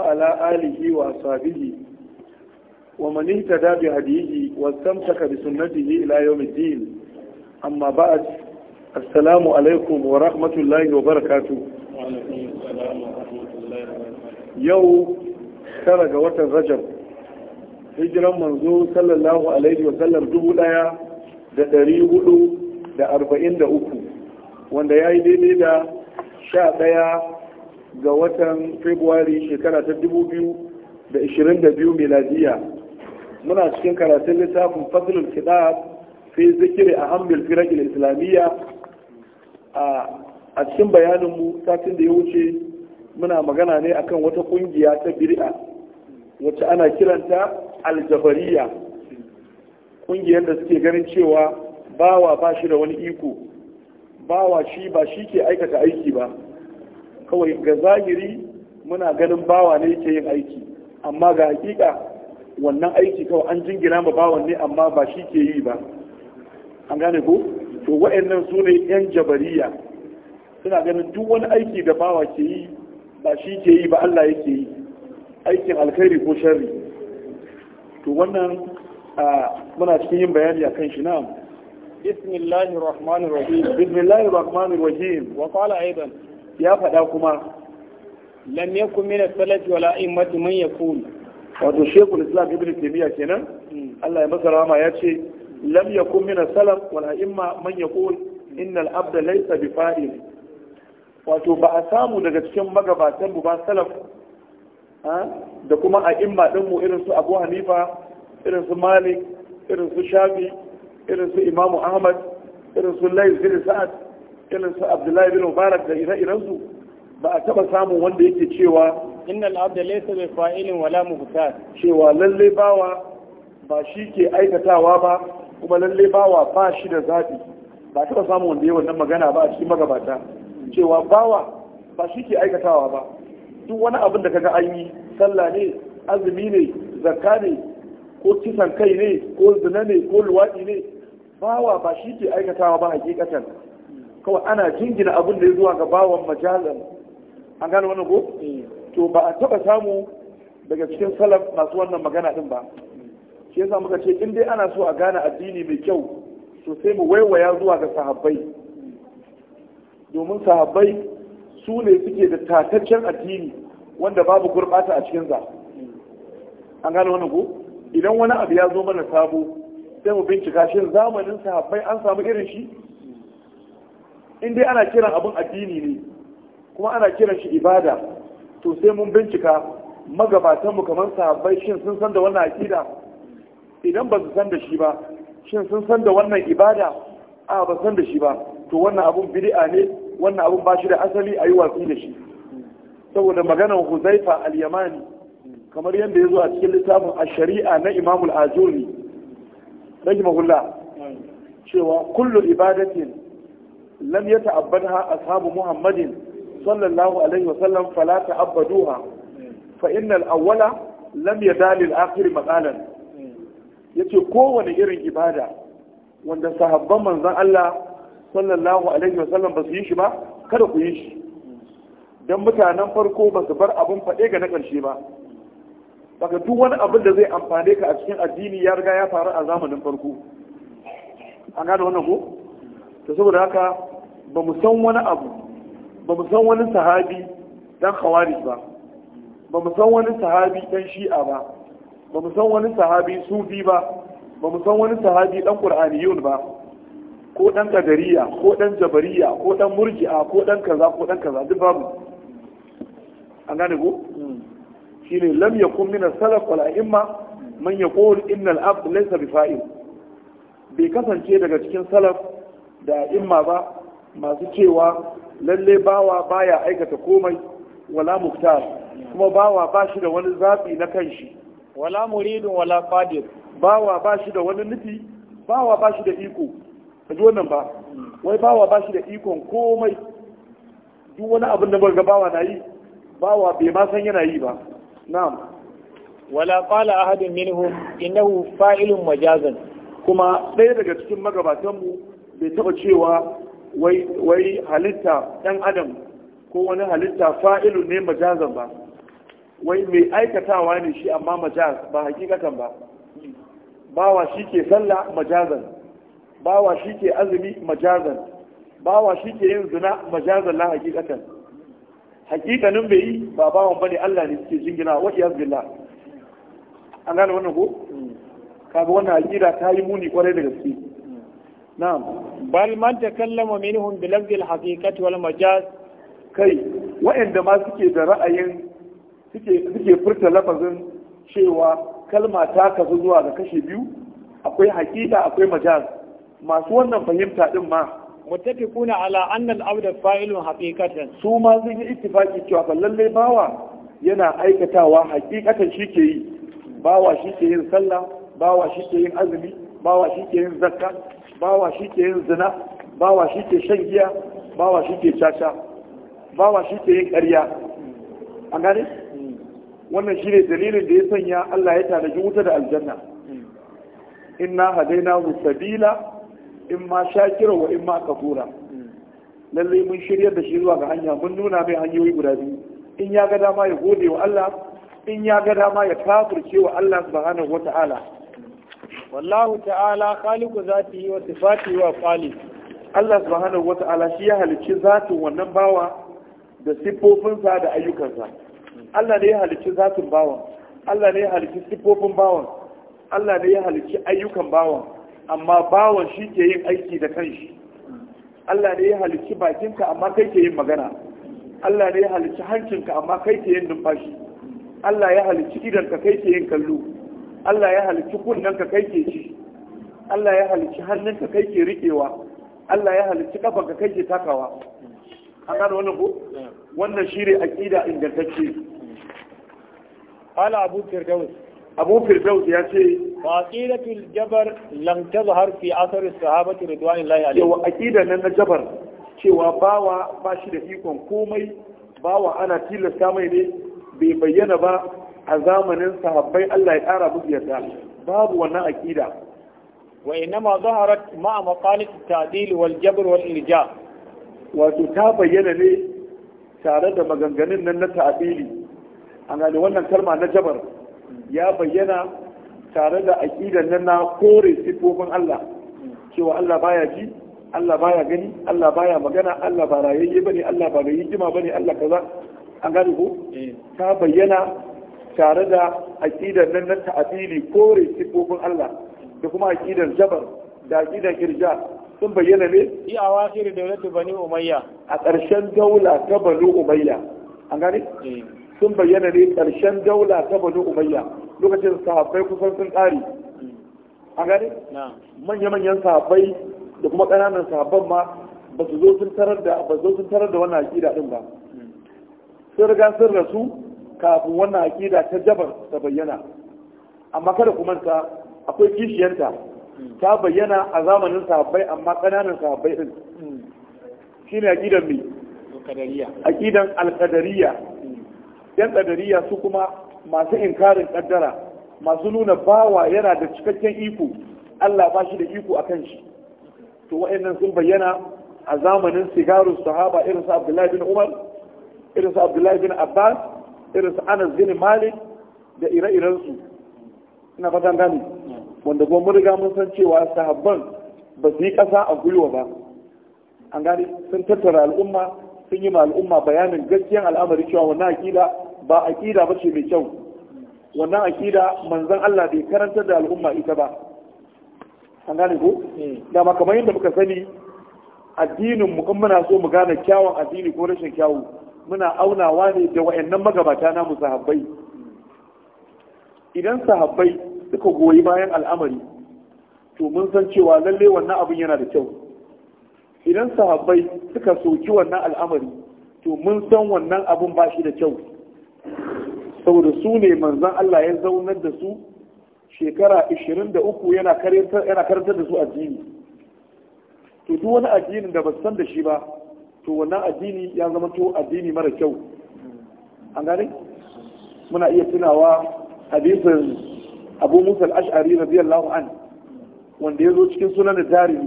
وعلى آله وأصحابه ومن اهتدى بهديه واستمسك بسنته إلى يوم الدين أما بعد السلام عليكم ورحمة الله وبركاته وعليكم السلام ورحمة الله وبركاته يوم خرج وقت الرجب hijiran manzo صلى الله عليه وسلم dubu daya da dari hudu da arba'in da uku wanda ya yi ga watan februari shekara ta 2022 miladiya muna cikin karatun littafin fasilul kitab fi zikiri a hamil firakil islamiyya a cikin bayaninmu satin da ya wuce muna magana ne akan wata kungiya ta bir'a wacce ana kiranta aljabariya kungiyar da suke ganin cewa bawa ba shi da wani iko bawa shi ba shi ke aikata aiki ba kawai ga zahiri muna ganin bawa ne yake yin aiki amma ga hakika wannan aiki kawai an jingina ma bawan ne amma ba shi ke yi ba an gane ko to wa'annan su ne yan jabariya suna ganin duk wani aiki da bawa ke yi ba shi ke yi ba Allah yake yi aikin alkhairi ko sharri to wannan muna cikin yin bayani akan shi na'am bismillahir rahmanir rahim. bismillahir rahmanir rahim. Wa qala aidan ya faɗa kuma lam yakun min as-salaf wala immati man yakun wato shekul islam ibn taymiya kenan hmm. Allah ya masa rahama ya ce lam yakun min as-salaf wala imma man yakun innal abda laysa bi fa'il wato ba a samu daga cikin magabatan mu ba salaf da kuma a imma din mu irin su Abu Hanifa irin su Malik irin su Shafi irin su Imam Ahmad irin su Layth bin Sa'ad irin su abdullahi bin mubarak da ire-irensu ba a taba samun wanda yake cewa inna al'abda laysa bi fa'ilin wala mubtar cewa lalle bawa ba shi ke aikatawa ba kuma lalle bawa ba shi da zabi ba taba samun wanda yayi wannan magana ba a cikin magabata cewa bawa ba shi ke aikatawa ba duk wani abin da kaga an yi sallah ne azumi ne zakka ne ko kisan kai ne ko zina ne ko luwaɗi ne bawa ba shi ke aikatawa ba hakikatan kawai ana jingina abin da ya zuwa ga bawan majalan an gane wani ko eh. to ba a taba samu daga cikin salaf masu wannan magana din ba shi yasa muka ce in dai ana so a gane addini mai kyau to sai mu waiwaya zuwa ga sahabbai domin sahabbai su ne suke da tataccen addini wanda babu gurbata a cikin za an gane wani ko idan wani abu ya zo mana sabo sai mu bincika shin zamanin sahabbai an samu irin shi in dai ana kiran abin addini ne kuma ana kiran shi ibada to sai mun bincika magabatanmu kamar sahabbai shin sun san da wannan aƙida idan ba su san da shi ba shin sun san da wannan ibada a ba san da shi ba to wannan abun bid'a ne wannan abun ba shi da asali a yi watsi da shi saboda maganar huzaifa al-yamani kamar yadda ya zo a cikin littafin a shari'a na imamul ajuri rahimahullah cewa kullu ibadatin lam ya ta'abbadha ashabu muhammadin sallallahu alaihi wa sallam fala ta'abbaduha fa innal awwala lam yadal yace kowane irin ibada wanda sahabban manzon Allah sallallahu alaihi wa sallam ba su yi shi ba kada ku yi shi dan mutanen farko ba su bar abin faɗe ga na ƙarshe ba Baka duk wani abin da zai amfane ka a cikin addini ya riga ya faru a zamanin farko an gane wannan ko to saboda haka ba mu san wani abu ba mu san wani sahabi dan khawarij ba ba mu san wani sahabi dan shi'a ba ba mu san wani sahabi sufi ba ba mu san wani sahabi dan qur'aniyun ba ko dan kadariya ko dan jabariya ko dan murji'a ko dan kaza ko dan kaza duk babu an gane ko hmm. shine lam yakun min as-salaf wal a'imma man yaqul inna al-abd laysa bi fa'il bai kasance daga cikin salaf da a'imma ba masu cewa lalle bawa baya aikata komai wala muktar kuma bawa ba shi da wani zaɓi na kanshi wala muridin wala fadir bawa ba shi da wani nufi bawa ba shi da iko a ji wannan ba wai bawa ba shi da ikon komai duk wani abin da ga bawa na yi bawa bai ma san yana yi ba na'am wala qala ahadun minhum innahu fa'ilun majazan kuma ɗaya daga cikin magabatanmu bai taɓa cewa wai halitta ɗan adam ko wani halitta fa'ilu ne majazan ba wai mai aikatawa ne shi amma majaz ba hakikatan ba bawa shi ke sallah majazan bawa shi ke azumi majazan bawa shi ke yin zina majazan na hakikatan hakikanin bai yi ba bawan bane Allah ne suke jingina wa yanzu billah an gane wannan ko mm. kaga wannan hakira ta yi muni kwarai da gaske na'am bal man takallama minhum bi lafzi al kai wa'anda ma suke da ra'ayin suke suke furta lafazin cewa kalma ta zuwa ga kashe biyu akwai haƙiƙa akwai majaz masu wannan fahimta din ma muttafiquna ala anna al-abda fa'ilun haqiqatan su ma sun yi ittifaki cewa ba lalle bawa yana aikatawa hakikatan shi ke yi bawa shi ke yin sallah bawa shi ke yin azumi bawa shi ke yin zakka bawa shi ke yin zina bawa shi ke shan giya bawa shi ke caca bawa shi ke yin ƙarya an gane wannan shi ne dalilin da ya sanya Allah ya tanaji wuta da aljanna inna hadaina sabila in ma shakira wa in ma kafura lallai mun shiryar da shi zuwa ga hanya mun nuna mai hanyoyi guda biyu in ya ga dama ya gode wa Allah in ya ga dama ya kafirce wa Allah subhanahu wata'ala wallahu ta'ala khaliqu zatihi wa sifatihi wa afali Allah subhanahu wa ta'ala shi ya halicci zatin wannan bawa da siffofinsa da ayyukansa Allah ne ya halicci zatin bawa. Allah ne ya halicci siffofin bawa. Allah ne ya halicci ayyukan bawa, amma bawa shi ke yin aiki da kanshi Allah ne ya halicci bakinka amma kai ke yin magana Allah ne ya halicci hancinka amma kai ke yin numfashi Allah ya halicci idanka kai ke yin kallo Allah ya halicci kunnen ka kai ke ci Allah ya halicci hannun ka kai ke riƙewa Allah ya halicci kafan ka kai ke takawa an gano wannan ko wannan shine aqida ingantacce qala abu firdaus abu firdaus ya ce wa aqidatul jabar lam tazhar fi athar as-sahabati ridwanillahi alaihim wa aqidan nan na jabar cewa bawa ba shi da ikon komai bawa ana tilasta mai ne bai bayyana ba a zamanin sahabbai Allah ya ƙara musu yarda babu wannan aqida wa innama zaharat ma'a maqalat at-ta'dil wal jabr wal irja wato ta bayyana ne tare da maganganun nan na ta'dili an gane wannan kalma na jabar ya bayyana tare da aqidan nan na kore sifofin Allah cewa Allah baya ji Allah baya gani Allah baya magana Allah ba rayayye bane Allah ba mai hikima bane Allah kaza an gane ko eh. ta bayyana tare da aƙidar nan na ta'adili kore sifofin Allah da kuma aƙidar jabar da aƙidar irja sun bayyana ne yi a wakil daulatu bani umayya a ƙarshen daula ta bani umayya an gane eh. sun bayyana ne ƙarshen daula ta bani umayya lokacin sahabbai kusan sun ƙari an gane manya-manyan sahabbai da kuma ƙananan sahabban ma ba su zo sun tarar da wannan aƙida ɗin ba hmm. sun riga sun rasu kafin wannan aƙida ta jabar ta bayyana amma kada ku manta akwai kishiyanta ta bayyana a zamanin sahabbai amma ƙananan sahabbai din shine aƙidan mai aƙidan alƙadariya yan qadariya su kuma masu inkarin ƙaddara masu nuna bawa yana da cikakken iko Allah ba shi da iko akan shi to wa'annan sun bayyana a zamanin sigarun sahaba irin su Abdullahi bin Umar irin su Abdullahi bin Abbas irin su anas gini malik da ire-iren su ina fatan gani wanda kuma mun riga mun san cewa sahabban ba su yi ƙasa a gwiwa ba an gani sun tattara al'umma sun yi ma al'umma bayanin gaskiyan al'amari cewa wannan akida ba akida ba ce mai kyau wannan akida manzon Allah bai karantar da al'umma ita ba an gane ko hmm. da ma kamar yadda muka sani addinin mu muna so mu gane kyawun addini ko rashin kyawu muna aunawa ne da wa'annan magabata namu sahabbai idan sahabbai suka goyi bayan al'amari to mun san cewa lalle wannan abin yana da kyau idan sahabbai suka soki wannan al'amari to mun san wannan abin ba shi da kyau saboda su ne manzan Allah ya zaunar da su shekara 23 yana karantar da su addini to duk wani addinin da ba san da shi ba to wannan addini ya zama to addini mara kyau an gane muna iya tunawa hadisin abu musa al-ash'ari radiyallahu an wanda ya zo cikin sunan jari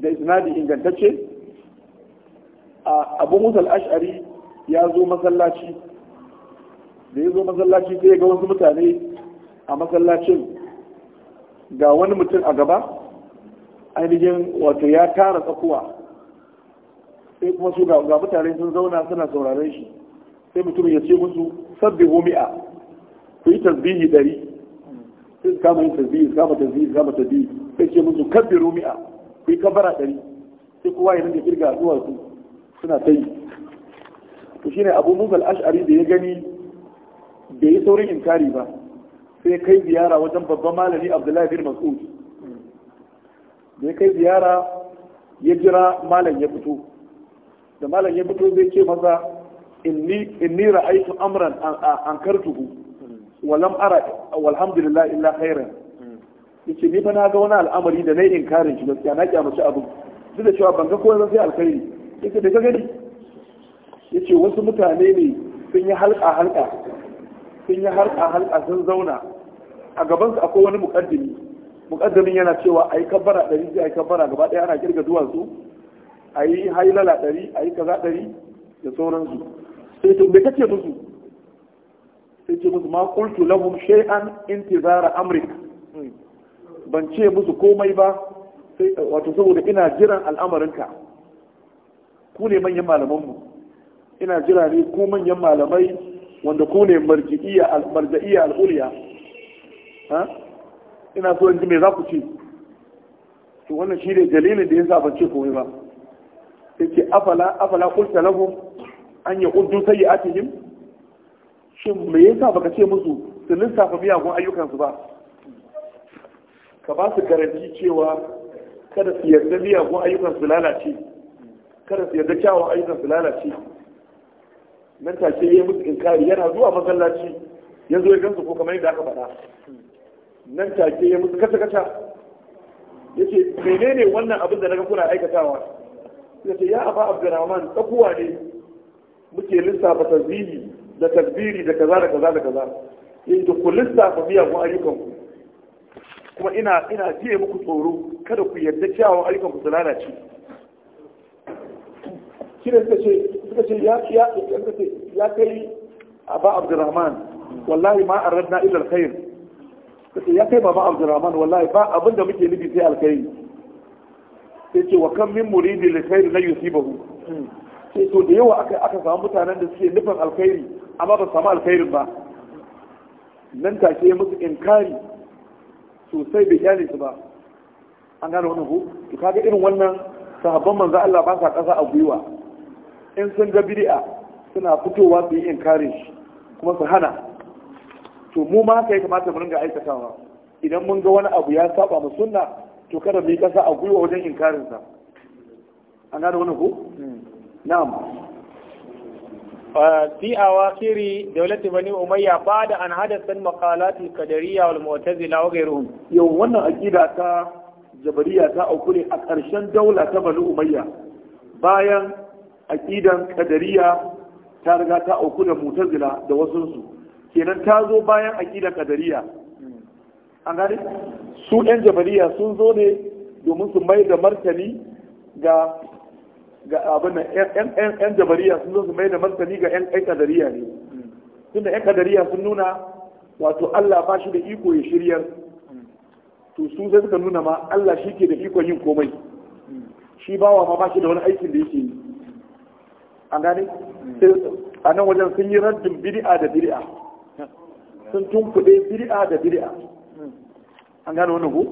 da isnadi ingantacce abu musa al-ash'ari ya zo masallaci da ya zo masallaci sai ga wasu mutane a masallacin ga wani mutum a gaba ainihin wato ya tara tsakuwa sai kuma su ga mutane sun zauna suna sauraron shi sai mutum ya ce musu sabbi mi'a ku yi tasbihi dari sai su kama yin tasbihi su kama tasbihi su kama tasbihi sai ce musu kabbiru mi'a ku yi kabbara dari sai kowa ya rinka kirga zuwa su suna ta yi to shine abu musa al'ashari da ya gani bai yi saurin inkari ba sai kai ziyara wajen babban malami abdullahi bin mas'ud da ya kai ziyara ya jira malam ya fito da malam ya fito zai ce masa inni ra'aytu amran an kartuhu wa lam ara walhamdulillah illa khairan yace ni fa na ga wani al'amari da nayi inkarin shi gaskiya na kyamaci abu duk da cewa ban ga kowa sai alkhairi yace da ka gani yace wasu mutane ne sun yi halka halka sun yi halka halka sun zauna a gaban su akwai wani mukaddimi mukaddimin yana cewa ai kabbara dari sai ai kabbara gaba daya ana kirga duwatsu a yi hailala ɗari a yi kaza ɗari da sauransu sai to me kake musu sai ce musu ma kultu lahum shay'an intizara amrik ban ce musu komai ba sai wato saboda ina jiran al'amarinka ku ne manyan malamanmu ina jira ne ku manyan malamai wanda ku ne marji'iyya al'uliya ina so in ji me za ku ce to wannan shi ne dalilin da ya ban ce komai ba take afala afala kulta lahum an yaquddu atihim? shin me yasa baka ce musu su lissafa miyagun ayyukansu ba ka ba su garanti cewa kada su yarda miyagun ayyukan su lalace kada su yarda kyawun ayyukan su lalace nan take yi musu inkari yana zuwa masallaci ya zo ya gansu ko kamar yadda aka faɗa nan take yi musu kata kata yace menene wannan abin da naga kuna aikatawa Sai ta ya aba abdurrahman tsakuwa ne muke lissafa tasbihi da tasbiri da kaza da kaza da kaza yayin da ku lissafa miyagun ayyukan ku kuma ina ina jiye muku tsoro kada ku yarda cewa ayyukan ku su lalace shi ne suka ce suka ce ya ya ya kai aba abdurrahman wallahi ma aradna ila alkhair suka ce ya kai baba abdurrahman wallahi ba abinda muke nufi sai alkhairi sai ce wa kan min muridi li khairi la yusibahu sai to da yawa aka aka samu mutanen da suke nufin alkhairi amma ba samu alkhairin ba nan take ya musu inkari sosai bai kyale su ba an gane wannan ko to kaga irin wannan sahabban manzo Allah ba sa kasa a gwiwa in sun ga bid'a suna fitowa su yi inkari shi kuma su hana to mu ma sai ya kamata mu ringa aikatawa idan mun ga wani abu ya saba mu sunna to kada mai kasa a gwiwa wajen inkarinsa an gada wani ku? Hmm. na'am fi awakhiri dawlati bani umayya da an hadasan al kadariya wal motazi na wagai wa yau wannan akida ta jabariya ta aukure a ƙarshen daula ta bani umayya bayan akidan kadariya ta riga ta aukure mu'tazila da su kenan ta zo bayan aƙidan ƙadariya. an gane su ɗan jabariya sun zo ne domin su mai da martani ga ga abin nan ɗan jabariya sun zo su mai da martani ga ɗan kadariya ne tunda ɗan kadariya sun nuna wato Allah ba shi da iko ya shirya, to su sai suka nuna ma Allah shi ke da iko yin komai shi bawa ma ba shi da wani aikin da yake yi an gane a nan wajen sun yi raddin bid'a da bid'a sun tunkuɗe bid'a da bid'a an gano wani hu?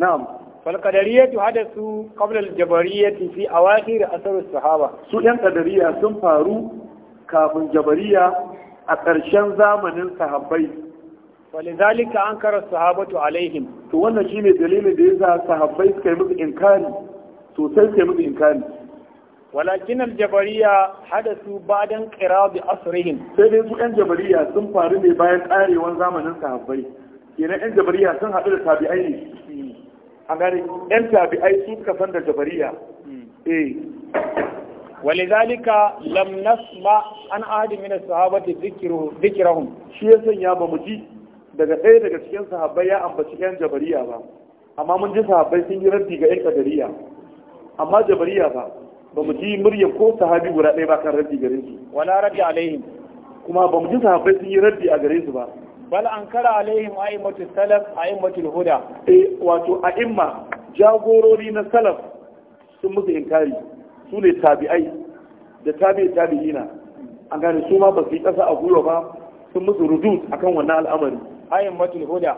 na'am fal qadariyatu hadathu qabla al jabariyati fi awakhir asar sahaba su yan qadariya sun faru kafin jabariya a ƙarshen zamanin sahabbai walidhalika ankara sahabatu alaihim to wannan shi ne dalilin da yasa sahabbai suka yi musu inkari sosai suka yi musu inkari walakin aljabariya hadasu bayan qirab asrihim sai dai su yan jabariya sun faru ne bayan karewan zamanin sahabbai kenan yan jabariya sun haɗu da tabi'ai ne an gane yan tabi'ai su suka san da jabariya hmm. eh walidhalika lam nasma an ahadi min as-sahabati dhikrahum shi ya sanya ba mu ji daga ɗaya daga cikin sahabbai ya ambaci yan jabariya ba amma mun ji sahabbai sun yi raddi ga yan kadariya amma jabariya ba ba mu ji murya ko sahabi guda ɗaya ba kan raddi gare su wala raddi alaihim kuma ba mu ji sahabbai sun yi raddi a gare su ba bal an kara alaihim a'immatu salaf a'immatul huda eh wato a'imma jagorori na salaf sun musu inkari su ne tabi'ai da tabi'i tabi'ina an gane su ma ba su yi ƙasa a gwiwa ba sun musu rudud akan wannan al'amari a'immatul huda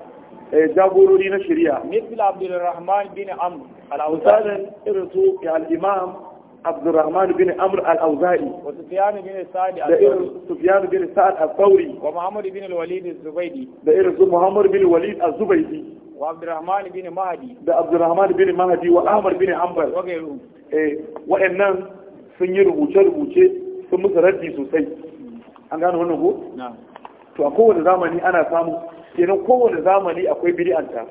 eh jagorori na shari'a mithl Abdulrahman bin amr al-awsadan irin su al-imam Abdurrahman bin Amr a auzai wa bin Sa'd al da irin bin Sa'd al-Thawri wa Muhammad bin Walid al-Zubaydi da irin su Muhammad bin Walid al-Zubaydi wa Abdurrahman bin Mahdi da Abdurrahman bin Mahdi wa Ahmad bin Hanbal wa eh, sun yi rubuce-rubuce sun musu raddi sosai an gano wannan ko to a kowane zamani ana samu kenan kowane zamani akwai bid'anta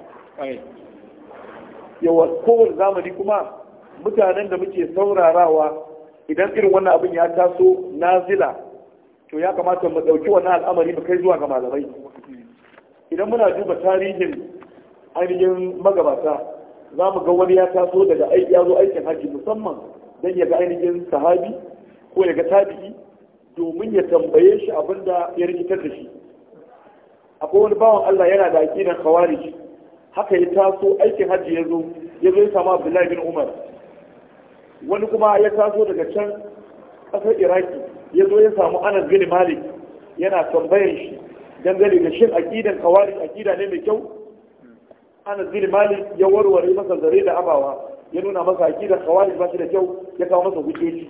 yawa kowane zamani kuma mutanen da muke saurarawa idan irin wannan abin ya taso nazila to ya kamata mu ɗauki wannan al'amari mu kai zuwa ga malamai idan muna duba tarihin ainihin magabata za mu ga wani ya taso daga ya zo aikin hajji musamman don ya ga ainihin sahabi ko ya ga tabi'i domin ya tambaye shi abin da ya rikitar da shi akwai wani bawan Allah yana da aƙidan khawarij haka ya taso aikin hajji ya zo ya zo ya samu Abdullahi bin Umar wani kuma ya taso daga can ƙasar iraki ya zo ya samu anas bin malik yana tambayar shi dangane da shin aqidan kawari aqida ne mai kyau anas bin malik ya warware masa zare da abawa ya nuna masa aqidan kawari ba shi da kyau ya kawo masa hujjoji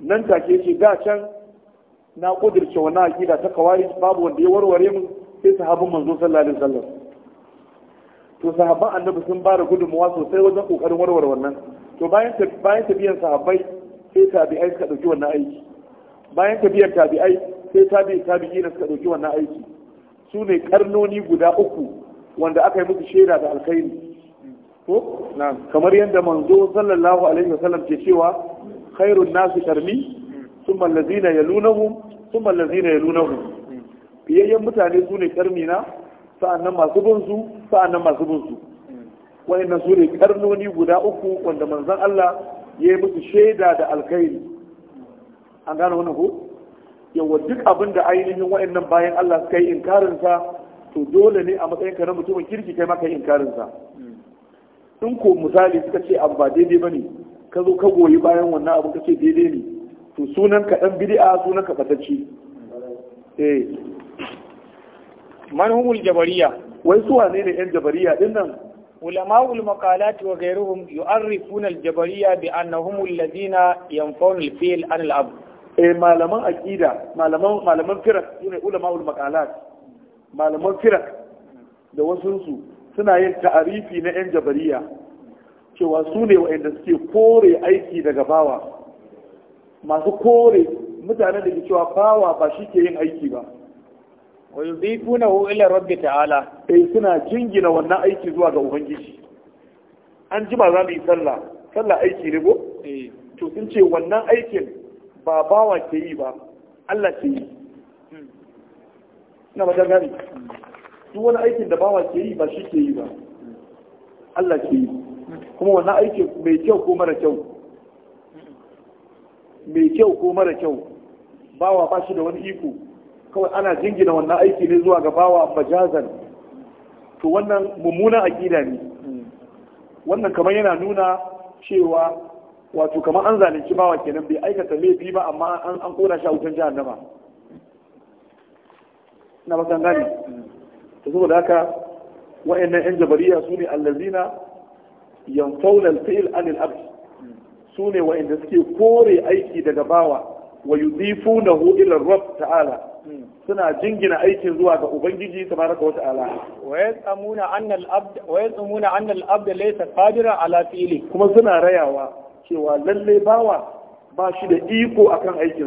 nan take ce da can na kudirce wannan aqida ta kawari babu wanda ya warware mu sai sahabban manzo sallallahu alaihi wasallam to sahabban annabi sun ba da gudunmawa sosai wajen kokarin warware wannan to bayan bayan tabiyan sahabbai sai tabi'ai suka dauki wannan aiki bayan tabiyan tabi'ai sai tabi'i na suka dauki wannan aiki su ne karnoni guda uku wanda aka yi musu shaida da alkhairi ko kamar yadda manzo sallallahu alaihi wasallam ke cewa khairun nasu karmi thumma allazina yalunahum thumma allazina yalunahum hmm. fiyayyen mutane su ne karmi na sa'annan masu bin su sa'annan masu bin su waannan su ne karnoni guda uku wanda manzon Allah ya yi musu shaida da alkhairi an gane wannan ko yawa duk abin da ainihin wayannan bayan Allah suka yi inkarin sa to dole ne a matsayin ka na mutumin kirki kai maka inkarin sa in ko misali suka ce abu ba daidai bane ka zo ka goyi bayan wannan abu ka ce daidai ne to sunan ka dan bid'a sunan ka fatacce eh man jabariya wai su wane ne yan jabariya din nan علماء المقالات وغيرهم يعرفون الجبرية بأنهم الذين ينفون الفيل عن الأب إيه malaman aqida malaman malaman sune ulama'ul maqalat malaman firak da wasu suna yin ta'arifi na yan jabariya cewa sune ne waɗanda suke kore aiki daga bawa masu kore mutane da ke cewa bawa ba shi ke yin aiki ba wa yudhifunahu ila rabbi ta'ala sai eh, suna jingina wannan aiki zuwa ga ubangiji an ji ba za mu yi sallah sallah aiki ne ko eh. to sun ce wannan aikin ba bawa ke yi ba Allah ke yi hmm. ina ba gani duk wani aikin da bawa ke yi ba shi ke yi ba Allah ke yi hmm. kuma wannan aikin mai kyau ko mara kyau hmm. mai kyau ko mara kyau bawa ba shi da wani iko kawai ana jingina wannan aiki ne zuwa ga bawa majazan to wannan a aƙida ne wannan kamar yana nuna cewa wato kamar an zalunci bawa kenan bai aikata laifi ba amma an kona shi a wutan nama na bakan gani to saboda haka wa'annan yan jabariya su ne allazina yan faunar fa'il anil abd su ne wa'anda suke kore aiki daga bawa wa na huilar rabb ta'ala suna jingina aikin zuwa ga ubangiji tabaraka wa ta'ala wa yazamuna anna al-abd wa yazamuna anna al-abd laysa ala fi'li kuma suna rayawa cewa lalle bawa ba shi da iko akan sa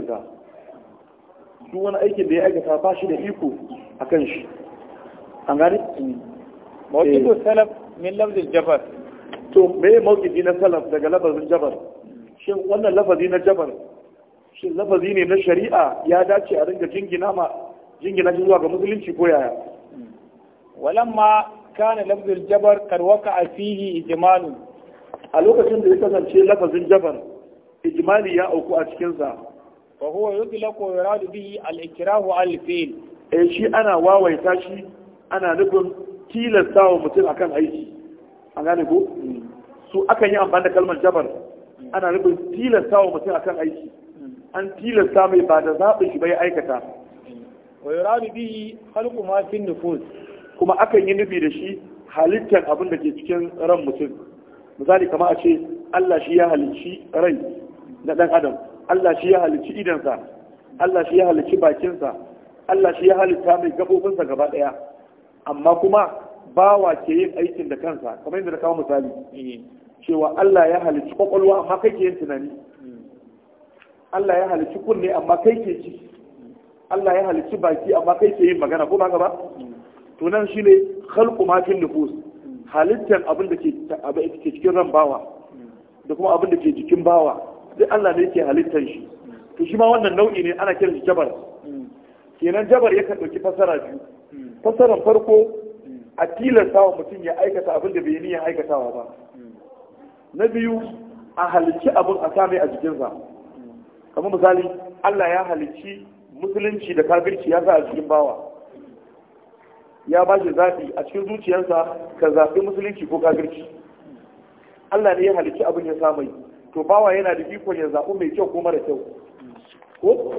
duk wani aikin da ya aikata ba shi da iko akan shi an gani mawqidu eh. salaf min lafz jabar. to me mawqidi na salaf daga lafazin jabar shin wannan lafazi na jabar shin lafazi ne na shari'a ya dace a ringa jingina ma jingina shi zuwa ga musulunci ko yaya walamma kana lafzul jabar karwaka a fihi ijmalun a lokacin da ya kasance lafazin jabar ijmali ya auku a cikinsa fa huwa yutlaqu wa yuradu bihi al-ikrahu al-fi'l eh shi ana wawaita shi ana nufin tilasta wa mutum akan aiki an gane ko mm. su akan yi amfani da kalmar jabar mm. ana nufin tilasta wa mutum akan aiki mm. an tilasta mai ba da zaɓin shi bai aikata wa yuradu bihi khalqu ma fi nufus kuma akan yi nufi da shi halittar abin da ke cikin ran mutum misali kamar a ce Allah shi ya halicci rai na dan adam Allah shi ya halicci idansa Allah shi ya halicci bakinsa Allah shi ya halitta mai gabobinsa gaba daya amma kuma bawa ke yin aikin da kansa kamar yadda na kawo misali cewa Allah ya halicci kwakwalwa amma kai ke yin tunani mm. Allah ya halicci kunne amma kai ke ci Allah ya halicci baki amma kai ke yin magana ko ba ba to nan shine khalqu ma fil nufus halittan abin da ke abin ke cikin ran bawa da kuma abin da ke jikin bawa duk Allah ne yake halittan shi to shi ma wannan nau'i ne ana kiran shi jabar kenan jabar yakan dauki fasara biyu fasaran farko a tilasta wa mutum ya aikata abin da bai yi niyyar aikatawa ba na biyu a halicci abin a same a jikinsa kamar misali Allah ya halicci musulunci da kafirci ya sa a cikin bawa ya ba shi zaɓi a cikin zuciyarsa ka zaɓi musulunci ko kafirci Allah ne ya halicci abin ya samu to bawa yana da ikon ya zaɓi mai kyau ko mara kyau ko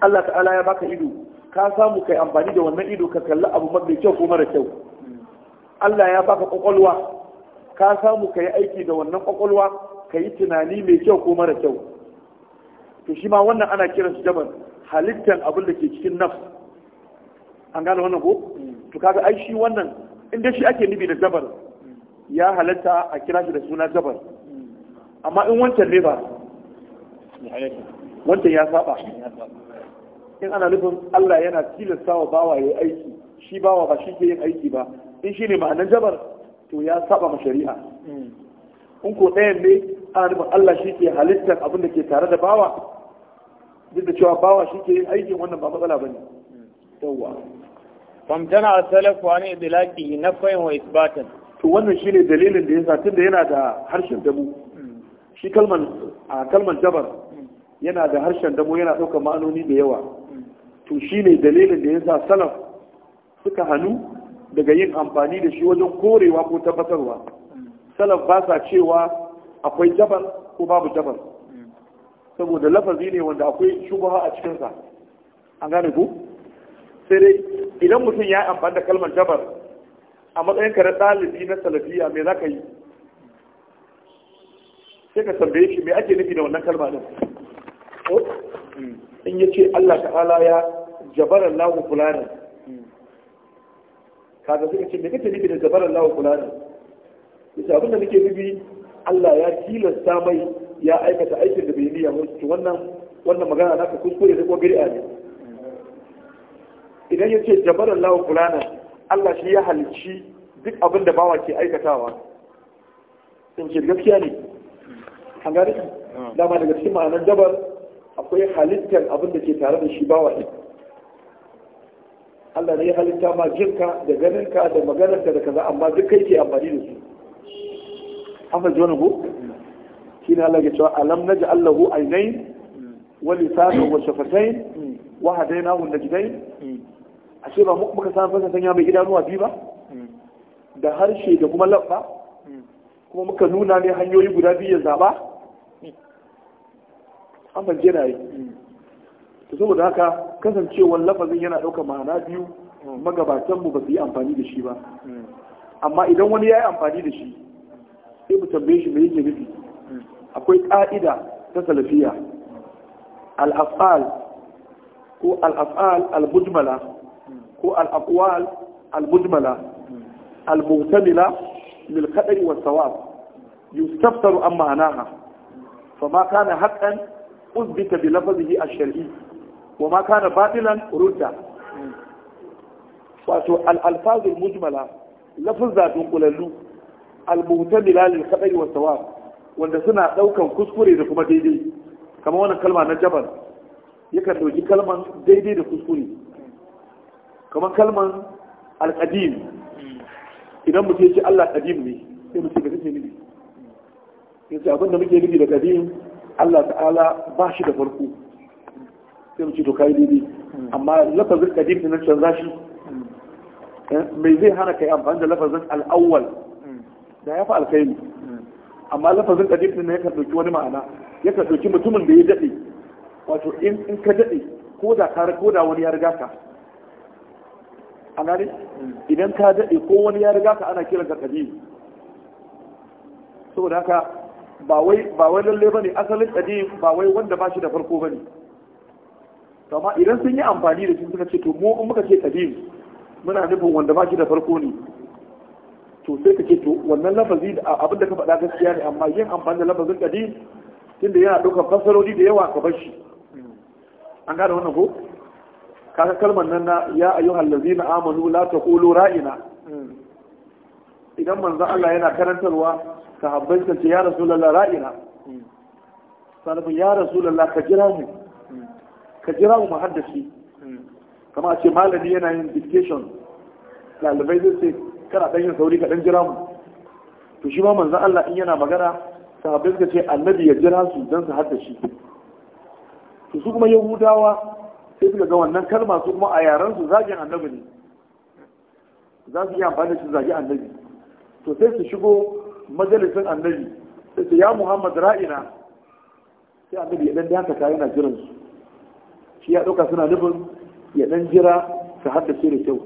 Allah ta'ala ya baka ido ka samu kai amfani da wannan ido ka kalli abu mai kyau ko mara kyau Allah ya baka kwakwalwa ka samu ka yi aiki da wannan kwakwalwa ka yi tunani mai kyau ko mara kyau to shi wannan ana kiran su jaban halittar abin da ke cikin nafs an gane wannan ko to kaga ai shi wannan inda shi ake nufi da zabar ya halatta a kira shi da suna zabar amma in wancan ne ba wancan ya saba in ana nufin Allah yana tilasta wa bawa ya aiki shi bawa ba shi ke yin aiki ba in shi ne ma'anar jabar to ya saba ma shari'a hmm. in ko ɗayan ne ana nufin Allah shi ke halittar abin da ke tare da bawa duk da cewa bawa shi ke yin aikin wannan ba matsala ba ne yawwa kwamtana a salafu an idilaki na fahim wa isbatan to wannan shi ne dalilin da ya sa tun da yana da harshen damu shi kalman a kalman jabar yana da harshen damu yana ɗaukar ma'anoni da yawa to shi ne dalilin da ya sa salaf suka hannu daga yin amfani da shi wajen korewa ko tabbatarwa salaf ba sa cewa akwai jabar ko babu jabar saboda lafazi ne wanda akwai shubaha a cikinsa an gane ku sai dai idan mutum ya amfani da kalmar jabar a matsayin ka na ɗalibi na salafiya me za ka yi sai ka tambaye shi me ake nufi da wannan kalma din in ya ce Allah ta'ala ya jabaran lahu fulanin kaga suka ce me kake nufi da jabaran lahu fulani yace abinda nake nufi Allah ya tilasta mai ya aikata aikin salafiya wasu wannan wannan magana naka kuskure ne ko bid'a ne idan yace jabara Allah fulana Allah shi ya halicci duk abin da bawa ke aikatawa In ce gaskiya ne an da hmm. dama daga cikin ma'anar jabar akwai halittar abin da ke tare da shi bawa ne Allah ne ya halitta ma jinka da ganinka da maganarka da kaza amma duk kai ke amfani da su amma jona ko hmm. shi ne Allah ya cewa alam naji Allahu ainain wa shafatai wa na wa hadainahu a ashe ba muka san fasa sanya mai idanuwa biyu ba da harshe da kuma labba kuma muka nuna ne hanyoyi guda biyu ya zaba an ban jera yi to saboda haka kasancewar lafazin yana ɗaukar ma'ana biyu magabatanmu ba su yi amfani da shi ba amma idan wani ya yi amfani da shi sai mu tambaye shi me yake nufi akwai ka'ida ta salafiya al-afal ko al-afal al-mujmala ko al-aqwal al-mujmala al-mutamila lil kadari wa sawab yustaftaru an ma'anaha fa ma kana haqqan uzbita bi lafzihi ash-shar'i wa ma kana batilan rudda wato al-alfaz al-mujmala lafzatu qulallu al-mutamila lil kadari wa sawab wanda suna ɗaukan kuskure da kuma daidai kama wannan kalma na jabal yakan ɗauki kalman daidai da kuskure kama kalman alƙadim idan mutum ya ce Allah ƙadim ne sai mutum ga kake nufi yace abinda muke nufi da ƙadim Allah ta'ala ba shi da farko sai mu ce to kai daidai amma lafazin ƙadim ne nan canza shi eh, mai zai hana kai amfani da lafazin al'awwal da ya fi alkhairi amma lafazin qadim din ne yakan dauki wani ma'ana yakan dauki mutumin da ya dade wato in in ka dade ko da ka ko da wani ya riga ka an idan ka dade ko wani ya riga ka ana kiran ka qadim saboda haka ba wai ba wai lalle bane asalin qadim ba wai wanda ba shi da farko bane to amma idan sun yi amfani da shi suka ce to mu in muka ce qadim muna nufin wanda ba shi da farko ne to sai ka ce to wannan lafazi abin da ka faɗa gaskiya ne amma yin amfani da lafazin tun tunda yana ɗaukar fassarori da yawa ka bar shi an gane wannan ko kaga kalmar nan na ya hallazi na amanu la taqulu ra'ina idan manzan Allah yana karantarwa sahabbai sun ce ya lalla ra'ina sanafin ya lalla ka jira mu ka jira mu muhaddisi kama a ce malami yana yin dictation ɗalibai zai ce kana dan yin sauri ka dan jira mu to shi ma manzon Allah in yana magana sahabbai suka ce annabi ya jira su dan su haddashi to su kuma yahudawa sai suka ga wannan kalma su kuma a yaran su zagin annabi ne za su yi amfani da shi zagi annabi to sai su shigo majalisin annabi sai su ya muhammad ra'ina sai annabi ya dan dakata na jiran su shi ya dauka suna nufin ya dan jira su haddace da kyau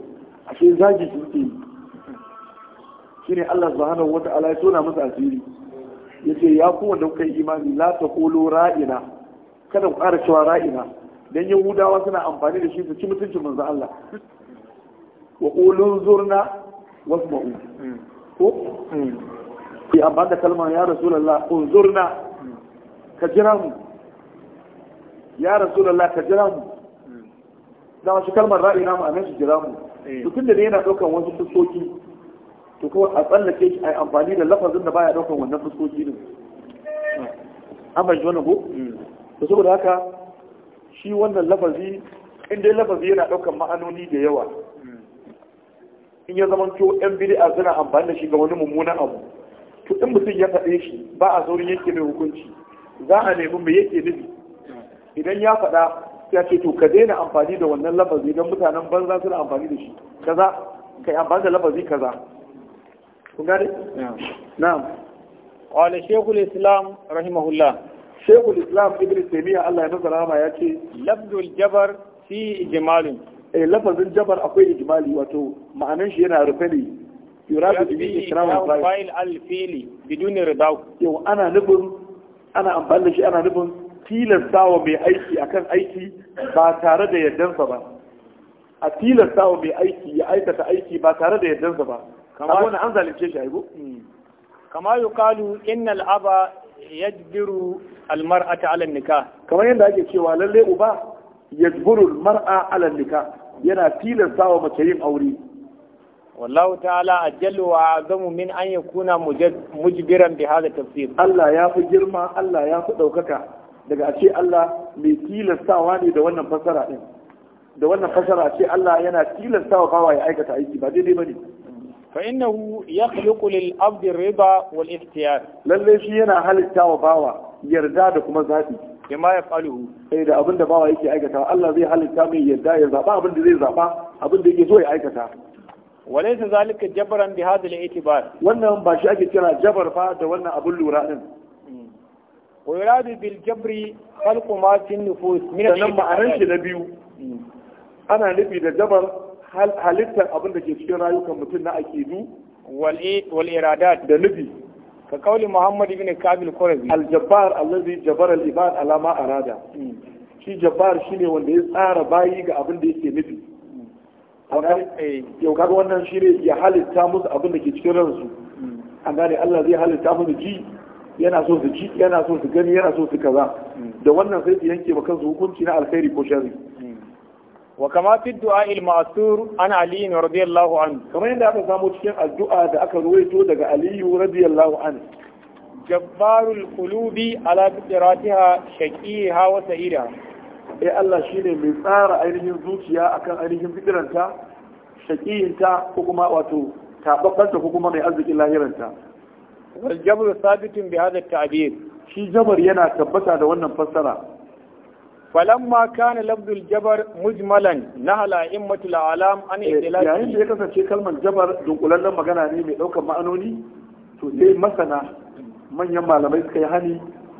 ashe zagi su suke yi shine Allah subhanahu wata'ala ya tona masu asiri yace ya ku wanda kuka yi imani la taqulu ra'ina kada ku ƙara cewa ra'ina dan yahudawa suna amfani da shi su ci mutuncin manzo Allah wa qulu zurna wasma'u ko ki amfani da kalmar ya rasulullah unzurna ka jira mu ya rasulullah ka jira mu da wasu kalmar ra'ina ma'anar shi jira mu eh. mutum da ne yana ɗaukan wasu fuskoki to kawai a tsallake shi a yi amfani da lafazin da baya daukan wannan fuskoki ne an fahimci wannan ko mm. saboda haka shi wannan lafazi in dai lafazi yana daukan ma'anoni da yawa mm. in ya zama to yan bid'a suna amfani da shi ga wani mummunan abu to in mutum ya faɗe shi ba a saurin yake mai hukunci za a nemi me yake nufi mm. idan ya faɗa ya ce to ka daina amfani da wannan lafazi don mutanen banza suna amfani da shi kaza ka yi amfani da lafazi kaza ku gane na'am qala shaykhul islam rahimahullah shaykhul islam ibn taymiya Allah ya nazara ya ce. labdul jabar fi ijmalin eh lafazin jabar akwai ijmali wato ma'anan shi yana rufe ne yuradu bi ikram fa'il al fili biduni ridaw yau ana nufin ana amfani da shi ana nufin wa mai aiki akan aiki ba tare da yardansa ba a tilasta wa mai aiki ya aikata aiki ba tare da yardansa ba kamar an zalince shi aigo hmm. kama yuqalu innal aba yajbiru Almar'a ta ala nika kamar yadda ake cewa lalle uba yajbiru jibiru mar'a ala nika yana tilasta wa mace yin aure والله تعالى أجل وأعظم mujibiran bi يكون tafsir Allah ya fi girma, Allah ya fi daukaka daga ce Allah mai tilastawa ne da wannan fasara din da wannan fasara ce Allah yana tilastawa kawai ya aikata aiki ba daidai bane فإنه يخلق للأبد الرضا والاختيار للي شي ينا wa وباوا يرضا da kuma zabi bima yafaluhu sai eh, da abin da bawa yake aikata Allah zai halitta mai yarda ya zaba abin da zai zaba abin da yake so ya aikata walaysa zalika jabran bi hadha al-i'tibar wannan ba shi ake kira jabar fa da wannan abin lura din hmm. wa yuradu bil jabri na biyu hmm. ana nufi da halittar abin da ke cikin rayukan mutum na akidu wal iradat da nufi ka kauli muhammad ibn kabil qurazi al jabbar allazi jabara al ibad ala ma arada hmm. shi jabbar shine wanda ya tsara bayi ga abin da yake nufi hmm. eh. yau kaga wannan ne ya halitta musu abin da ke cikin ransu hmm. an gane Allah zai halitta musu ji yana so su ji, yana so su gani yana so su kaza da wannan sai su yanke ba kansu hukunci na alkhairi ko shari'a wa kama fi du'a il ma'sur an ali radiyallahu anhu kamar yadda aka samu cikin addu'a da aka ruwaito daga aliyu radiyallahu anhu jabbarul qulubi ala fitratiha shaqiha wa sa'ida eh Allah shine mai tsara ainihin zuciya akan ainihin fitranta shaqiyinta ko kuma wato tababbanta ko kuma mai arzikin lahiranta wal jabru sabitun bi hadha at-ta'bir shi jabar yana tabbata da wannan fassara falamma kana labdul jabar mujmalan nahala immatul matulala an itilaki yayin da ya kasance kalmar jabar dunkulallen magana ne mai daukar ma'anoni to sai masana manyan malamai suka yi hani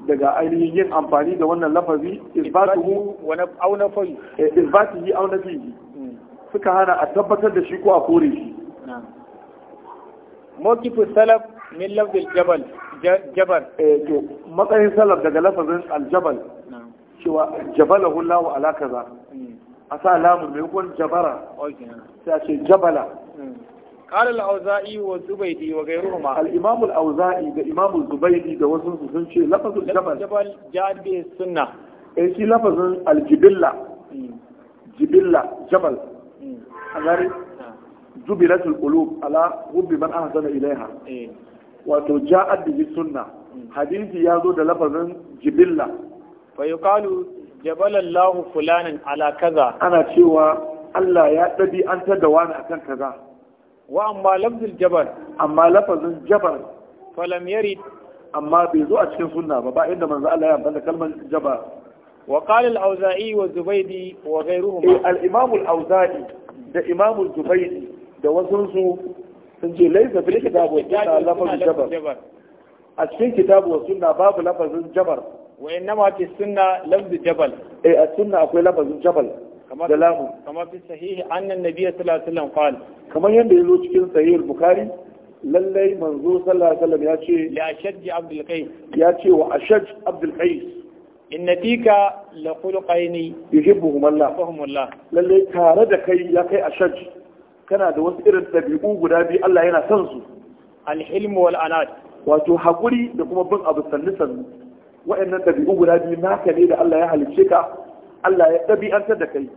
daga ainihin yin amfani da wannan lafazi isbatuhu wa au nafi yi au nafi suka hana a tabbatar da shi ko a kore shi mawkifu salaf min jabal matsayin salaf daga lafazin aljabal cewa jabala alaka za a sa lamun mai kun jabara sai a ce jabala قال الأوزائي والزبيدي وغيرهما الإمام الأوزائي ده إمام الزبيدي ده وزن سنة لفظ الجبل Aljibilla, جاء به السنة إيش لفظ الجبلة جبلة جبل أغاري جبلت القلوب على رب من أحسن إليها وتجاءت به السنة حديث يازو ده لفظ جبلة fa yuqalu jabalallahu fulanan ala kaza ana cewa Allah ya dabi an tada wani akan kaza wa amma lafzul jabal amma lafazin jabal falam amma bai zo a cikin sunna ba ba inda manzo Allah ya ambata kalmar jabal وقال الأوزائي والزبيدي وغيرهما الإمام الأوزائي ده sun الزبيدي ده وزنسو سنجي ليس في الكتاب والسنة لفظ الجبر أتشين كتاب والسنة babu لفظ الجبر wa innama fi sunna lafzu jabal eh a sunna akwai lafazin jabal da lamu kama fi sahihi annan nabiyyi sallallahu alaihi wasallam qala kamar yadda yazo cikin sahih bukhari lallai manzo sallallahu alaihi wasallam ya ce la ashaddi abdul qais ya ce wa ashaddi abdul qais inna fika la khuluqaini yuhibbuhum Allah fahumullah lalle tare da kai ya kai ashaj kana da wasu irin tabi'u guda biyu Allah yana son su alhilmu wal anat wato hakuri da kuma bin abu sannu sannu wa'annan ɗabi'u guda biyu naka ne da Allah ya halicce ka Allah ya ɗabi'antar da kai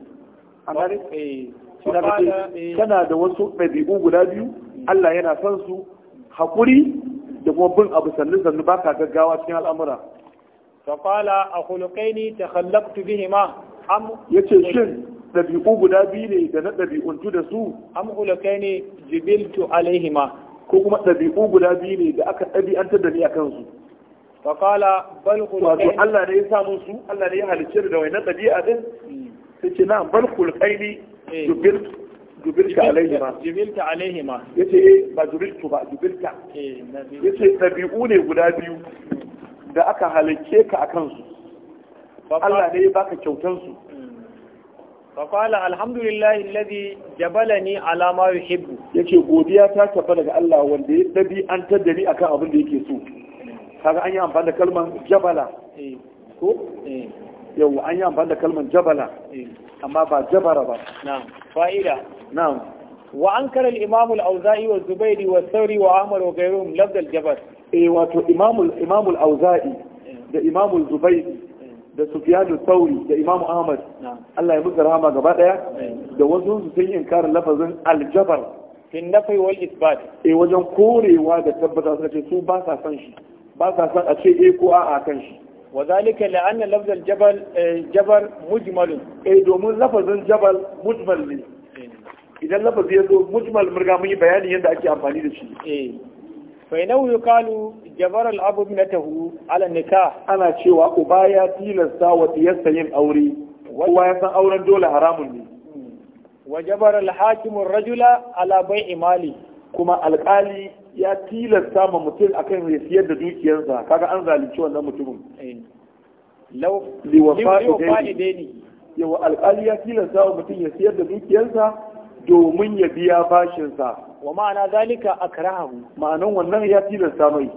amma ne eh. eh. kana da wasu ɗabi'u guda biyu Allah yana son su haƙuri da kuma bin abu sannu sannu ba ka gaggawa cikin al'amura faqala akhuluqaini takhallaqtu bihima am yace shin ɗabi'u guda biyu ne da na ɗabi'untu da su am khuluqaini jibiltu alaihima ko kuma ɗabi'u guda biyu ne da aka ɗabi'antar da ni a kansu faƙala balkul wato Allah da ya samu su? Allah da ya halicci da wainar ɗabi'a din sai ce na balkul kaini dubirka alaihima dubirka alaihima yace ba dubirku ba Ya ce ɗabi'u ne guda biyu da aka halicce ka a kansu. Allah ne ya baka kyautan su فقال الحمد لله الذي جبلني على ما يحب yake godiya ta tafi daga Allah wanda ya dabi an tadari akan abin da yake so kaga an yi amfani da kalman jabala eh. ko eh. yau an yi amfani da kalman jabala eh. amma ba jabara ba na'am fa'ida na'am wa ankara al-imam al-auza'i wa zubairi wa sauri wa Amur wa ghayruhum lafz al-jabr eh wato imam al-imam al-auza'i da imam al-zubairi da sufyan al-thawri da imam ahmad Allah ya musu rahama gaba daya da wasu su sun yi kare lafazin al-jabr fi nafi wal isbat eh wajen korewa da tabbata suka su ba sa san shi ba sa son a ce eh ko a'a kan shi wa zalika la'anna lafzal jabal eh, jabar mujmal eh domin lafazin jabal mujmal ne idan lafazi ya zo mujmal murga mun yi bayani yadda ake amfani da shi eh fa inau yuqalu jabara al-abu minatahu ala nikah ana cewa uba ya tilasta wa diyarsa yin aure kowa ya san auren dole haramun ne hmm. wa jabara al-hakimu ar-rajula ala bai'i mali kuma alƙali ya tilasta ma mutum akan ya siyar da dukiyarsa kaga an zalunci wannan mutumin yawa alƙali ya tilasta wa mutum ya siyar da dukiyarsa domin ya biya bashinsa wa ma'ana zalika karahu ma'anan wannan ya tilasta mai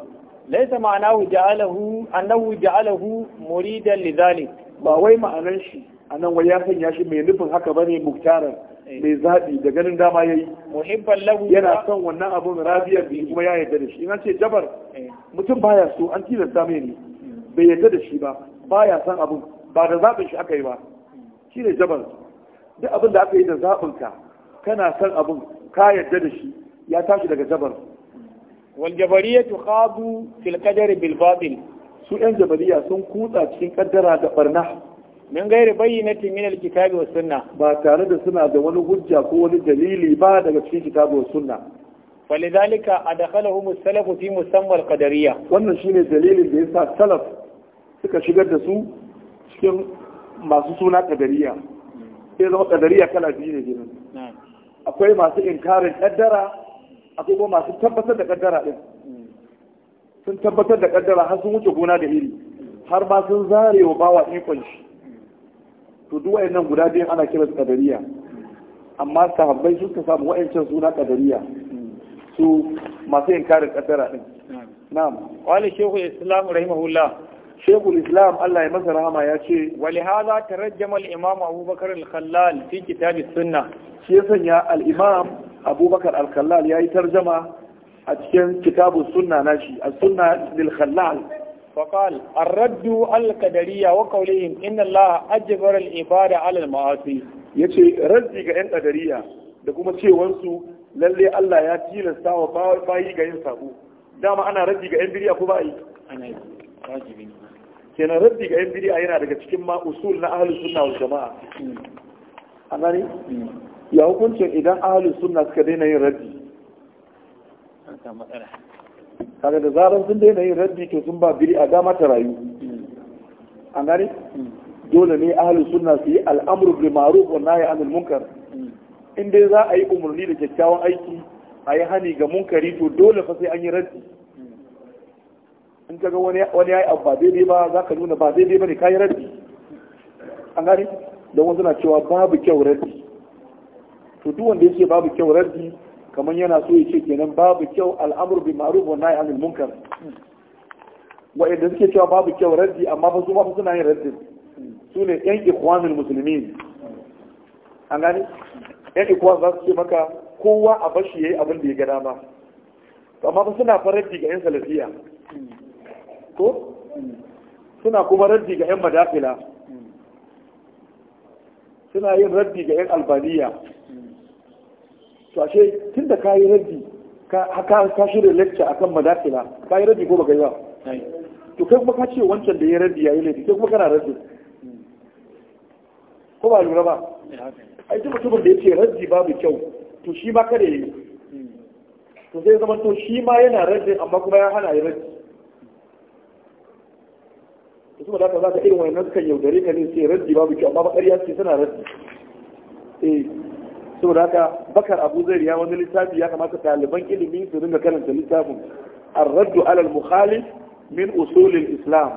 laisa ma'anahu ja'alahu annahu ja'alahu muridan lidhalik ba wai ma'anan shi anan wai ya sanya shi mai nufin haka bane muktaran mai zaɓi da ganin dama yi. yi yana son wannan abun rabiyar da kuma ya yarda da shi Ina ce jabar eh. mutum baya so an tilasta mai ne bai yarda da shi ba baya son abun ba da zaɓin shi aka yi ba shi ne jabar duk abin da aka yi da zaɓin ka kana son abun ka yarda da shi ya tashi daga jabar wal jabariyya tuqadu fil qadari bil su yan jabariya sun kutsa cikin kaddara da barna min gairi bayyinatin min alkitabi was sunna ba tare da suna da wani hujja ko wani dalili ba daga cikin kitabi was sunna falidhalika adkhalahum as-salaf fi musamma al-qadariyya wannan shine dalilin da yasa salaf suka shigar da su cikin masu suna qadariyya sai zama qadariyya kala biyu ne kenan akwai masu inkarin kaddara akwai kuma masu tabbatar da kaddara din sun tabbatar da kaddara har sun wuce gona da iri har ma sun zare wa bawa ikon shi to duk nan guda biyan ana kira su kadariya amma sahabbai su ka samu wayancan suna kadariya su masu karin kadara din na'am wali shehu islam rahimahullah shehu islam Allah ya masa rahama ya ce wali hada tarajjama al-imam Abubakar al-Khallal fi kitab as shi ya sanya al-imam Abubakar al-Khallal yi tarjama a cikin kitabu sunna nashi al sunna lil khallal فقال الرد القدريه وقولهم ان الله اجبر العبادة على المعاصي يتي رد ga 'yan ƙadariya da kuma wansu lalle Allah ya tilasta wa bayi ga yin sabo dama ana raddi ga 'yan biriya ko yi ana yi wajibi ne kenan raddi ga 'yan biriya yana daga cikin ma usul na ahlus sunna wal jama'a an ya hukuncin idan ahlus sunna suka daina yin raddi an matsala kaga da zaran sun daina yin raddi to sun ba biri a dama ta rayu an gane dole ne ahlus sunna su yi al'amru bil ma'ruf wa nahyi anil munkar in dai za a yi umarni da kyakkyawan aiki a yi hani ga munkari to dole fa sai an yi raddi in kaga wani wani yayi abu ba daidai ba za ka nuna ba daidai bane kai raddi an gane don wasu na cewa babu kyau raddi to duk wanda yake babu kyau raddi kamar yana so ya ce kenan babu kyau al'amur bi ma'ruf wa nahy anil munkar idan suke cewa babu kyau raddi amma ba su su suna yin raddi su ne yan ikhwanul muslimin an gani yan ikhwan za su ce maka kowa a bashi yayi abin da ya ga dama amma fa suna fa raddi ga yan salafiya ko suna kuma raddi ga yan madafila suna yin raddi ga yan albaniya sashe tun da kayi raddi ka ka shirya lecture kan madakila yi rabi ko baka yi ba to kai kuma ka ce wancan da ya ya yi laifi kai kuma kana rabi ko ba lura ba a yi mutumin da yace ba babu kyau to shi ma kada yi hmm. to sai zama to shi ma yana rabi amma kuma ya hana yi rabi to kuma da ka za ka irin wannan kan yaudare ka ne sai ba babu kyau amma ba ƙarya ce tana rabi eh saboda haka bakar abu zai ya wani littafi ya kamata ɗaliban ilimi su dinga karanta littafin ar-raddu alal mukhalif min usulil islam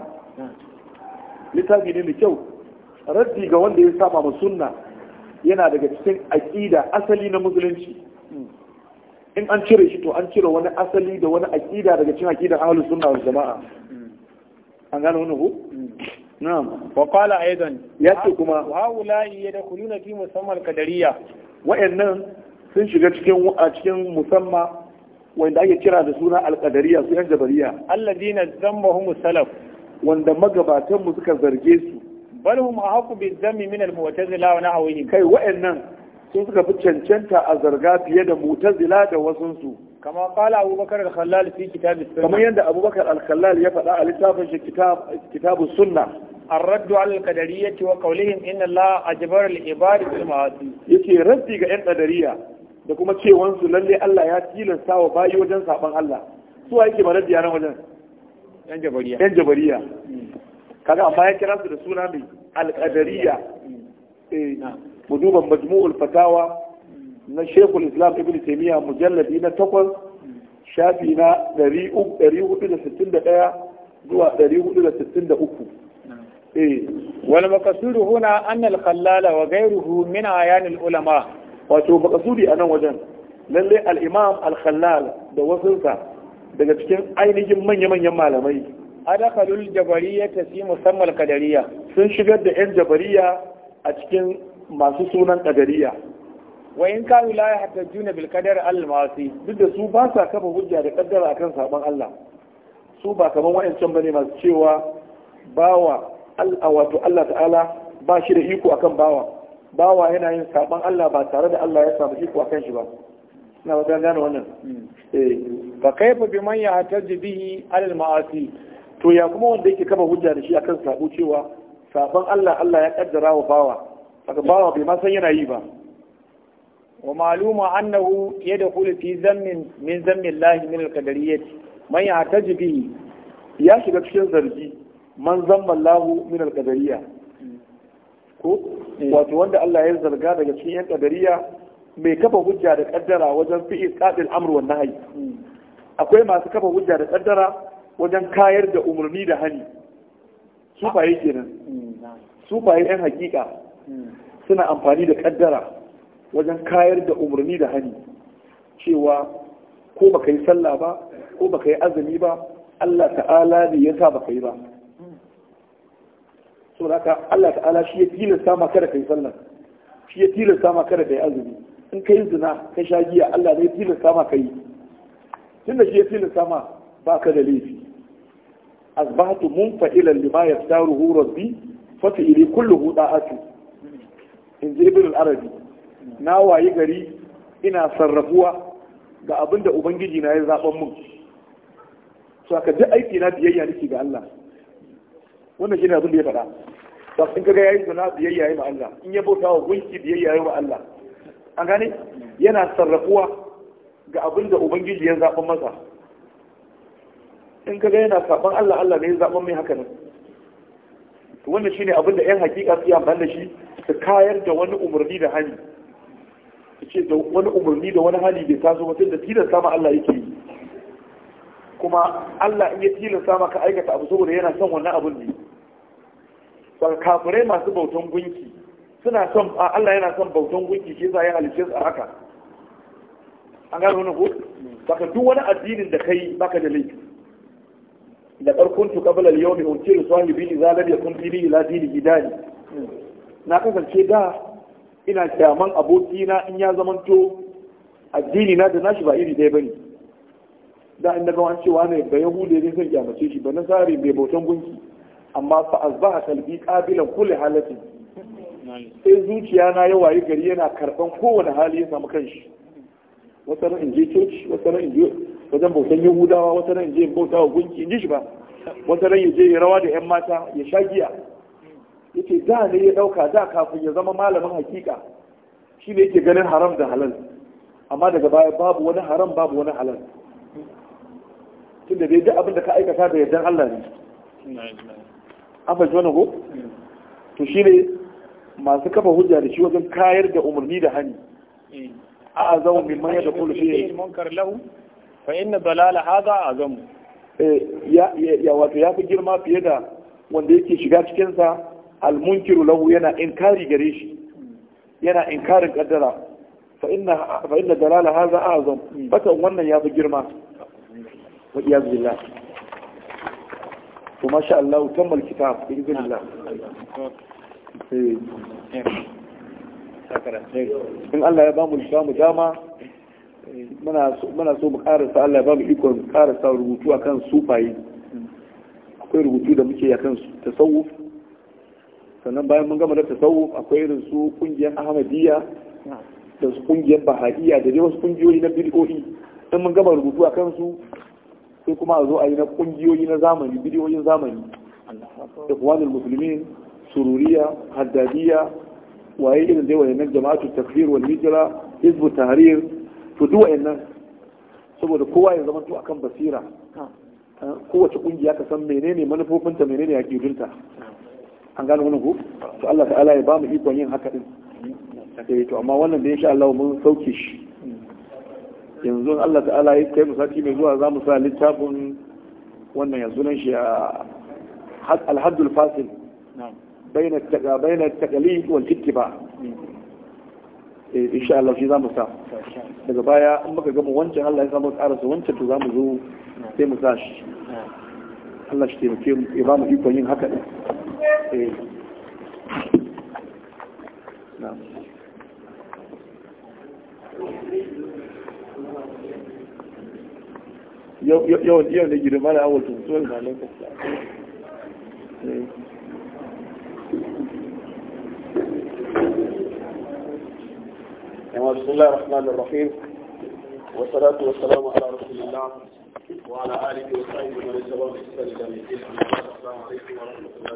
littafi ne mai kyau raddi ga wanda ya saba ma sunna yana daga cikin aƙida asali na musulunci in an cire shi to an cire wani asali da wani aƙida daga cikin aƙidan ahlus sunna wal jama'a an gano wannan ko na'am wa qala aidan yace kuma wa ulai yadkhuluna fi musammal qadariyya wa'annan sun shiga cikin a cikin musamma wanda ake kira da suna alkadariya su yan jabariya alladina zammahum salaf wanda magabatan mu suka zarge su bal hum ahqu bi dhammi min al-mu'tazila wa nahwihim kai wa'annan sun suka fi cancanta a zarga fiye da mu'tazila da wasunsu kama kala abubakar al-khallal fi kitab sunnah kamar yadda abubakar al-khallal ya faɗa a littafin shi kitab sunna الرد على القدرية وقولهم إن الله أجبر العباد بالمعاصي يكي ردي ga 'yan da kuma cewan su lalle Allah ya tilasta wa bayi wajen saban Allah su wa yake marar diyaran wajen yan jabariya yan amma ya kira su da suna mai alqadariya eh mu duba majmu'ul fatawa na Sheikhul Islam Ibn Taymiyyah mujalladi na 8 shafi na 461 zuwa 463 wal makasuru huna annal khallala wa ghayruhu min ayanil ulama wato a anan wajen lalle alimam al khalal da wasunsa daga cikin ainihin manya-manyan malamai adakhalul jabariya ta fi musamman kadariya sun shigar da yan jabariya a cikin masu sunan kadariya wa in kanu la yahtajuna bil qadar al masi duk da su ba sa kafa hujja da kaddara akan sabon Allah su ba kaman wayancan bane masu cewa bawa wato Allah ta'ala ba shi da iko akan bawa bawa yana yin saban Allah ba tare da Allah ya samu iko akan shi ba ina ba gane wannan hmm. eh fa kaifa biman ya'taji bihi alal ma'asi to ya kuma wanda yake kama hujja da shi akan sabo cewa saban Allah Allah ya kaddara wa bawa kaga bawa bai ma san yana yi ba wa maluma annahu yadkhulu fi zammin min zammin Allah min al-qadariyyah man ya'taji bihi ya shiga cikin zargi man zamma lahu min alqadariya ko eh. wato wanda Allah ya zarga daga cikin yan qadariya mai kafa hujja da kaddara wajen fi'i qadil amr wa nahyi akwai masu kafa hujja da kaddara wajen kayar da umarni da hani sufaye kenan sufaye yan hakika suna amfani da kaddara wajen kayar da umarni da hani cewa ko baka yi sallah ba ko baka yi azumi ba Allah ta'ala ne ya sa baka yi ba so haka Allah ta'ala shi ya tilasta ma kada ka yi sallah shi ya tilasta ma kada ka yi azumi in ka yi zina ka sha giya Allah ne ya tilasta ma tun da shi ya tilasta ma ba ka da laifi mun fa'ilan lima ya yaftaruhu rabbi fa kullu kulluhu da'atu in ji ibn al-arabi na wayi gari ina sarrafuwa ga abin da ubangiji na ya zaben mun so aka duk aiki na biyayya nake ga Allah wannan shi ne abin da ya faɗa ba sun kaga yayi zina biyayya yayi ma Allah in ya bauta wa gunki biyayya yayi Allah an gane yana sarrafuwa ga abin da ubangiji ya zaɓa masa in kaga yana saban Allah Allah ne ya zaɓa mai haka nan to wannan shine abin da ƴan hakika su yi amfani da shi su kayar da wani umarni da hali su ce da wani umarni da wani hali bai taso ba da tilan sama Allah yake yi kuma Allah in ya sama ka aikata abu saboda yana son wannan abin ne daga kafirai masu bautan gunki suna son Allah yana son bautan gunki shi yasa ya halice su a haka an gano wannan ko baka duk wani addinin da kai baka da laifi da farkon tu qabla al-yawm utilu sahibi idza lam yakun fi la dini hidani na kasance da ina kyaman abokina in ya zamanto addini na da nashi ba iri ɗaya bane da inda ga wani cewa ne ba yahude ne zan kyamace shi ba sare bai bautan gunki amma fa asbaha kalbi kabilan kulli halatin sai zuciya na ya wayi gari yana karban kowane hali ya samu kanshi wata ran in je coci wata ran in je wajen bautan yahudawa wata ran in je bauta wa gunki in ji shi ba wata ran ya je ya rawa da yan mata ya sha giya yace da ne ya dauka da kafin ya zama malamin hakika shi ne yake ganin haram da halal amma daga baya babu wani haram babu wani halal tunda dai duk abin da ka aikata da yardan Allah ne an fahimci wannan ko to shi ne masu kafa hujja da shi wajen kayar da umarni da hani eh. a azamu min man da kullu fi munkar lahu fa inna dalala hadha azamu eh, ya wato ya fi girma fiye da wanda yake shiga cikin sa al munkiru lahu yana inkari gare shi yana inkarin kaddara fa inna fa inna dalala hadha azam hmm. fatan wannan ya fi girma wa iyaz to masha Allah tammal kitab bi idhnillah eh. in Allah ya ba mu mu dama muna so mu karasa Allah ya ba mu ikon karasa rubutu akan sufaye akwai rubutu da muke akan tasawuf sannan bayan mun gama da tasawuf akwai irin su kungiyar ahmadiyya da su kungiyar bahadiyya da dai wasu kungiyoyi na bid'o'i Sannan mun gama rubutu akan su sai kuma a zo a yi na kungiyoyi na zamani bidiyoyin zamani ikwanul musulmin sururiya haddadiya waye irin dai wayannan jama'atu takfir wal hijra hizbu tahrir to duk wayannan saboda kowa ya zama to akan basira kowace kungiya ka san menene manufofinta menene hakidunta an gano wannan ko to Allah ta'ala ya ba mu ikon yin haka din eh, to amma wannan da insha Allah mun sauke shi yanzu Allah ta'ala ya kai mu sati mai zuwa za mu sa littafin wannan yanzu nan shi الحد الفاصل بين التق... بين التقليد والاتباع ان شاء الله shi zamu sa daga baya in muka gama wancan Allah ya samu tsara su wancan to zamu zo sai mu sa shi Allah shi taimake mu ya ba mu ikon yin haka din eh na'am yau da girma da awon tuntuwar malon kasa بسم الله الرحمن الرحيم والصلاة والسلام على رسول الله وعلى آله وصحبه ومن اتبعهم بإحسان إلى يوم الدين السلام عليكم ورحمة الله